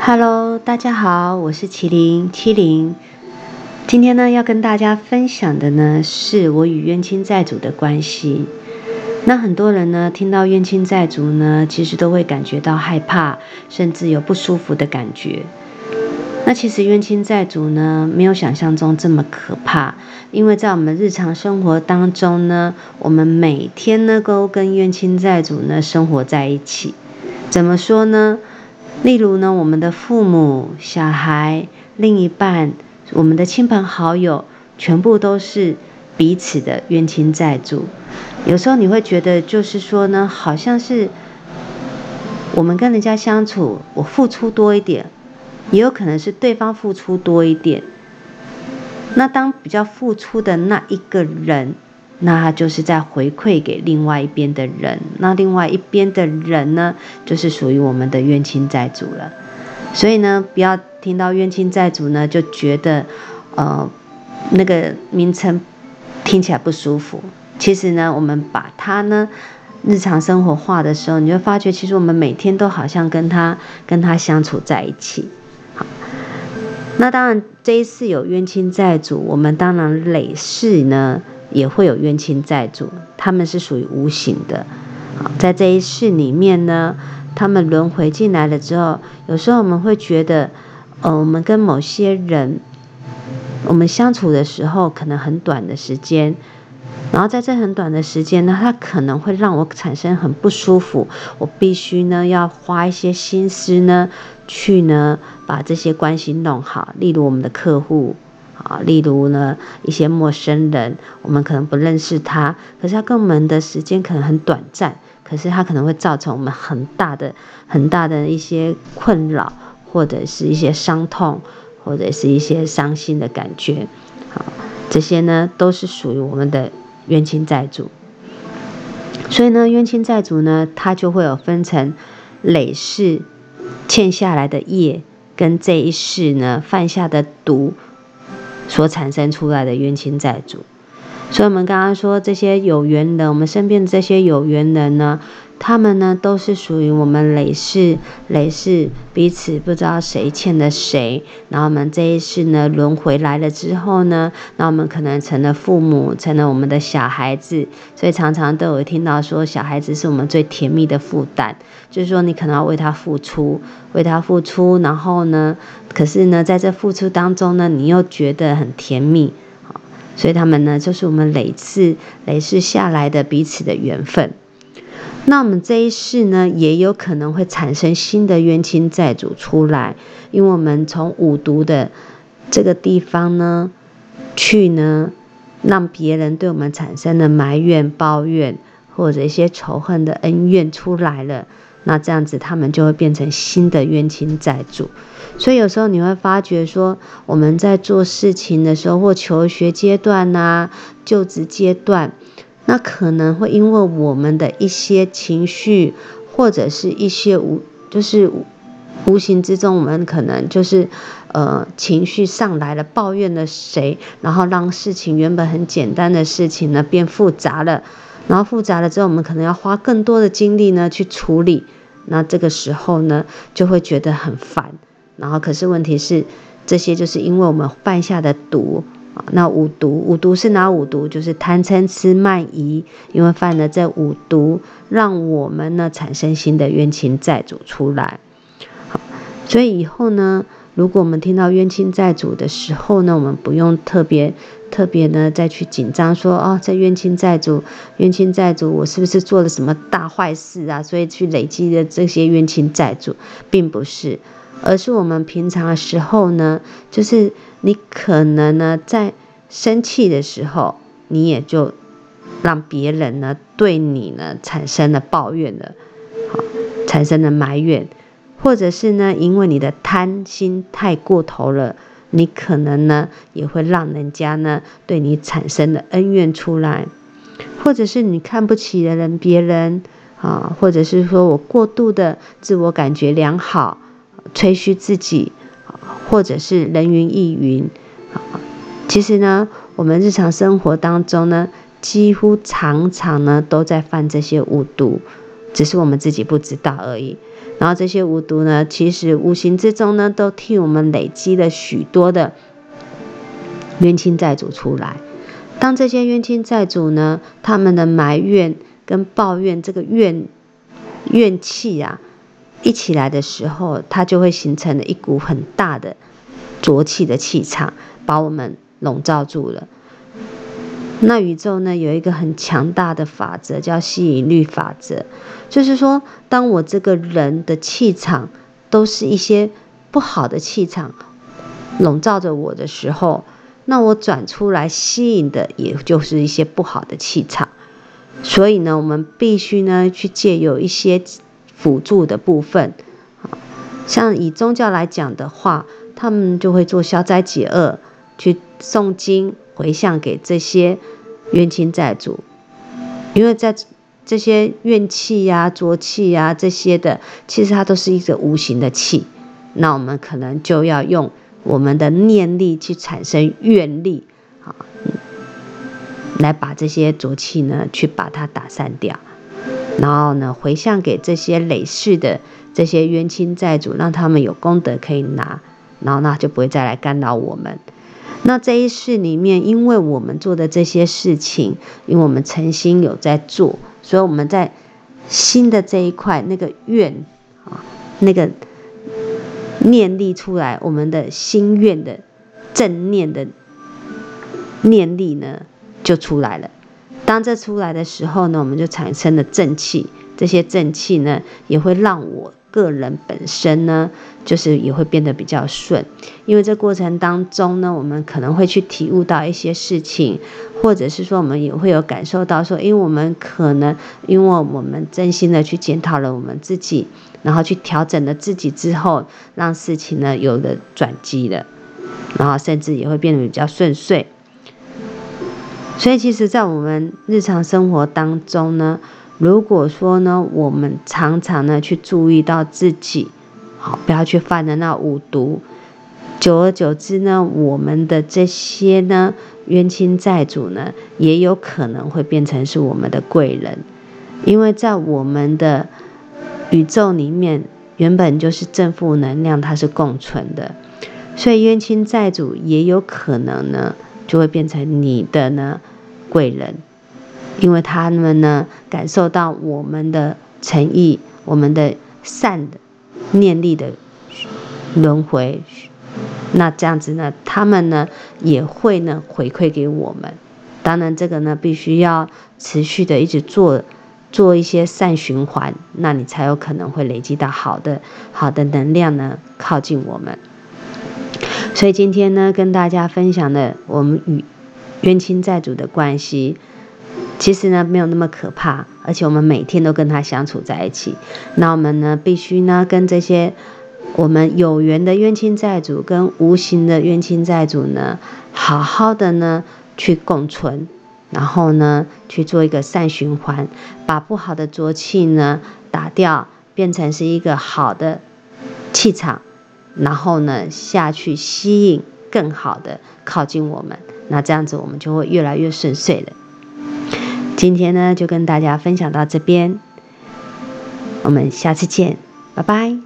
Hello，大家好，我是麒麟七零。今天呢，要跟大家分享的呢，是我與冤親債主的關係。那很多人呢，聽到冤親債主呢，其實都會感覺到害怕，甚至有不舒服的感覺。那其實冤親債主呢，沒有想象中這麼可怕，因為在我們日常生活當中呢，我們每天呢，都跟冤親債主呢，生活在一起。怎麼說呢？例如呢，我們的父母、小孩、另一半，我們的親朋好友，全部都是彼此的冤親債主。有時候你會覺得，就是說呢，好像是我們跟人家相處，我付出多一點，也有可能是對方付出多一點。那當比較付出的那一個人，那他就是在回饋給另外一邊的人，那另外一邊的人呢，就是屬於我們的冤親債主了。所以呢，不要聽到冤親債主呢，就覺得，呃，那個名稱聽起來不舒服。其實呢，我們把它呢，日常生活化的時候，你就發覺，其實我們每天都好像跟他跟他相處在一起。好，那當然這一次有冤親債主，我們當然累世呢。也會有冤親債主，他們是屬於無形的，在這一世裡面呢，他們輪迴進來了之後，有時候我們會覺得，呃、哦，我們跟某些人，我們相處的時候可能很短的時間，然後在這很短的時間呢，他可能會讓我產生很不舒服，我必須呢要花一些心思呢，去呢把這些關係弄好，例如我們的客戶。啊，例如呢，一些陌生人，我們可能不認識他，可是他跟我們的時間可能很短暫，可是他可能會造成我們很大的、很大的一些困擾，或者是一些傷痛，或者是一些傷心的感覺。好，這些呢，都是屬於我們的冤親債主。所以呢，冤親債主呢，他就會有分成，累世欠下來的業，跟這一世呢犯下的毒。所產生出來的冤親債主，所以我們剛剛說這些有緣人，我們身邊的這些有緣人呢，他們呢，都是屬於我們累世、累世彼此不知道誰欠了誰。然後我們這一世呢，輪回來了之後呢，那我們可能成了父母，成了我們的小孩子。所以常常都有聽到說，小孩子是我們最甜蜜的負擔，就是說你可能要為他付出，為他付出，然後呢，可是呢，在這付出當中呢，你又覺得很甜蜜。所以他們呢，就是我們累世、累世下來的彼此的緣分。那我們這一世呢，也有可能會產生新的冤親債主出來，因為我們從五毒的這個地方呢，去呢，讓別人對我們產生的埋怨、抱怨或者一些仇恨的恩怨出來了，那這樣子他們就會變成新的冤親債主。所以有時候你會發覺說，我們在做事情的時候，或求學階段啊，就職階段。那可能會因為我們的一些情緒，或者是一些無，就是無，無形之中，我們可能就是，呃，情緒上來了，抱怨了誰，然後讓事情原本很簡單的事情呢變複雜了，然後複雜了之後，我們可能要花更多的精力呢去處理，那這個時候呢就會覺得很煩，然後可是問題是，這些就是因為我們犯下的毒。那五毒，五毒是哪五毒？就是貪嗔癡慢疑，因為犯了這五毒，讓我們呢產生新的冤親債主出來。好，所以以後呢，如果我們聽到冤親債主的時候呢，我們不用特別特別呢再去緊張說，說哦，這冤親債主，冤親債主，我是不是做了什麼大壞事啊？所以去累積的這些冤親債主，並不是。而是我們平常的時候呢，就是你可能呢在生氣的時候，你也就讓別人呢對你呢產生了抱怨了，好、哦，產生了埋怨，或者是呢因為你的貪心太過頭了，你可能呢也會讓人家呢對你產生了恩怨出來，或者是你看不起的人別人啊、哦，或者是說我過度的自我感覺良好。吹噓自己，或者是人云亦云，其實呢，我們日常生活當中呢，幾乎常常呢都在犯這些五毒，只是我們自己不知道而已。然後這些五毒呢，其實無形之中呢，都替我們累積了許多的冤親債主出來。當這些冤親債主呢，他們的埋怨跟抱怨，這個怨怨氣啊。一起來的時候，它就會形成了一股很大的濁氣的氣場，把我們籠罩住了。那宇宙呢，有一個很強大的法則，叫吸引力法則。就是說，當我這個人的氣場都是一些不好的氣場籠罩着我的時候，那我轉出來吸引的也就是一些不好的氣場。所以呢，我們必須呢去借由一些。輔助的部分好，像以宗教來講的話，他們就會做消災解厄，去誦經回向給這些冤親債主。因為在這些怨氣呀、啊、濁氣呀、啊、這些的，其實它都是一個無形的氣，那我們可能就要用我們的念力去產生願力，啊、嗯，來把這些濁氣呢，去把它打散掉。然後呢，回向給這些累世的這些冤親債主，讓他們有功德可以拿，然後呢，就不會再來干擾我們。那這一世裡面，因為我們做的這些事情，因為我們誠心有在做，所以我們在新的這一塊那個願啊，那個念力出來，我們的心願的正念的念力呢，就出來了。當這出來的時候呢，我們就產生了正氣。這些正氣呢，也會讓我個人本身呢，就是也會變得比較順。因為這過程當中呢，我們可能會去體悟到一些事情，或者是說我們也會有感受到說，因為我們可能，因為我們真心的去檢討了我們自己，然後去調整了自己之後，讓事情呢有了轉機了，然後甚至也會變得比較順遂。所以其實，在我們日常生活當中呢，如果說呢，我們常常呢去注意到自己，好，不要去犯了那五毒，久而久之呢，我們的這些呢冤親債主呢，也有可能會變成是我們的貴人，因為在我們的宇宙裡面，原本就是正負能量，它是共存的，所以冤親債主也有可能呢，就會變成你的呢。貴人，因為他們呢感受到我們的誠意，我們的善念力的輪迴，那這樣子呢，他們呢也會呢回饋給我們。當然，這個呢必須要持續的一直做做一些善循環，那你才有可能會累積到好的好的能量呢靠近我們。所以今天呢跟大家分享的，我們與冤親債主的關係，其實呢沒有那麼可怕，而且我們每天都跟他相處在一起，那我們呢必須呢跟這些我們有緣的冤親債主跟無形的冤親債主呢，好好的呢去共存，然後呢去做一個善循環，把不好的濁氣呢打掉，變成是一個好的氣場，然後呢下去吸引。更好的靠近我們，那這樣子我們就會越來越順遂了。今天呢，就跟大家分享到這邊。我們下次見，拜拜。